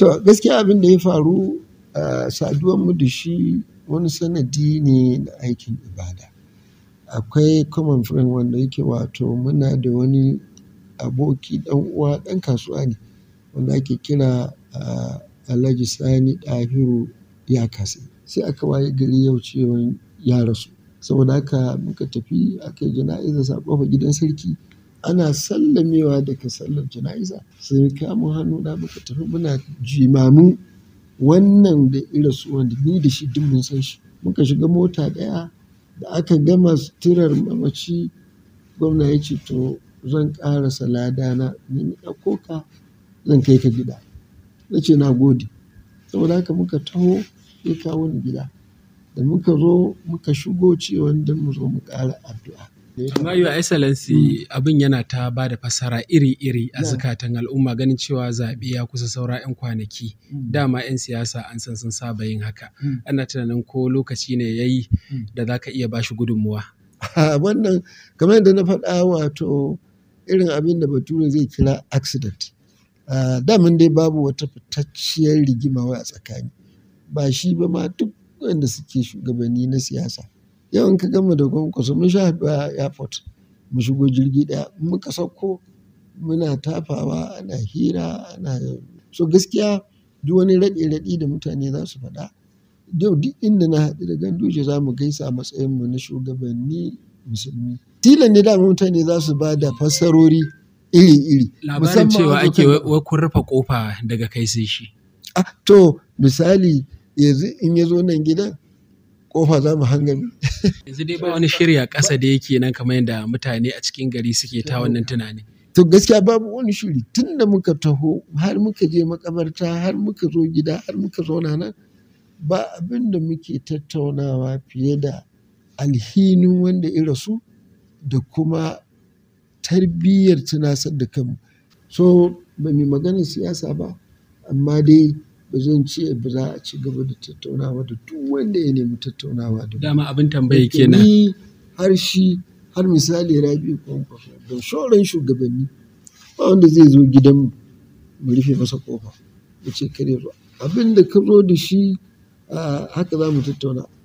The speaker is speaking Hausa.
To gaskiya abin da ya faru, a eh, saduwar mu da shi wani sanadi ne na aikin ibada. Akwai common friend wanda yake wato muna da wani aboki ɗan uwa ɗan kasuwa ne wanda ake kira, eh, Alhaji Sani ya Yakasai. Sai aka waye gari yau cewa ya rasu. Saboda haka muka tafi aka yi jana'izarsa sa ƙofar gidan sarki. ana sallamewa daga sallar jana'iza sai kamun hannu da muka tafi muna jimamin wannan da irin su wanda ni da shi duk mun san shi muka shiga mota ɗaya da aka gama sutirar mamaci gwamna ya ce to zan karasa ladana ni na ɗauko ka zan kai ka gida na ce na gode saboda haka muka taho ya kawo ni gida da muka zo muka shigo cewa wanda mu zo mu ƙara addu'a Eh. amma Mayu Excellency hmm. abin yana ta ba da fasara iri-iri a zukatan al'umma ganin cewa zaɓe ya kusa saura 'yan kwanaki. Hmm. Dama 'yan siyasa an san sun saba yin haka. Hmm. Ana tunanin ko lokaci ne ya yi da za ka iya ba shi gudunmuwa. Wannan kamar yadda na faɗa wato irin abin da Bature zai kira accident. Ah, Damin dai babu wata fitacciyar rigima wai a tsakani. Ba shi ba ma duk wanda suke shugabanni na siyasa. Yau in ka gama da Kwankwaso mun sha haɗuwa a airport mu shigo jirgi ɗaya. Mun muka sauko muna tafawa, ana hira, ana so gaskiya duk wani raɗe-raɗi da mutane za su faɗa. Yau duk inda na haɗu da Ganduje za mu gaisa a matsayin mu na shugabanni musulmi. tila ne da mutane za su ba da fassarori iri-iri. Labarin cewa ake wakun rufe ƙofa daga kai sai shi. Ah, to misali yanzu in ya zo nan gidan kofa za mu hanga hangami. Yanzu dai ba wani shirya ƙasa da yake nan kamar yadda mutane a cikin gari suke ta wannan tunani. To gaskiya babu wani shiri tun da muka taho har muka je makabarta har muka zo gida har muka zauna nan ba abin da muke tattaunawa fiye da alhinin wanda ira rasu da kuma tarbiyyar tunasar da kanmu. So ba mai maganar siyasa ba amma dai ba zan ce ba za a ci gaba da tattaunawa da duk wanda ya nemi tattaunawa da dama abin tambaye kenan ni har shi har misali rabi kwamfa da shoran shugabanni ba wanda zai zo gidan mu rufe masa kofa ya ce kare zo abin da ka zo da shi ah, haka za mu tattauna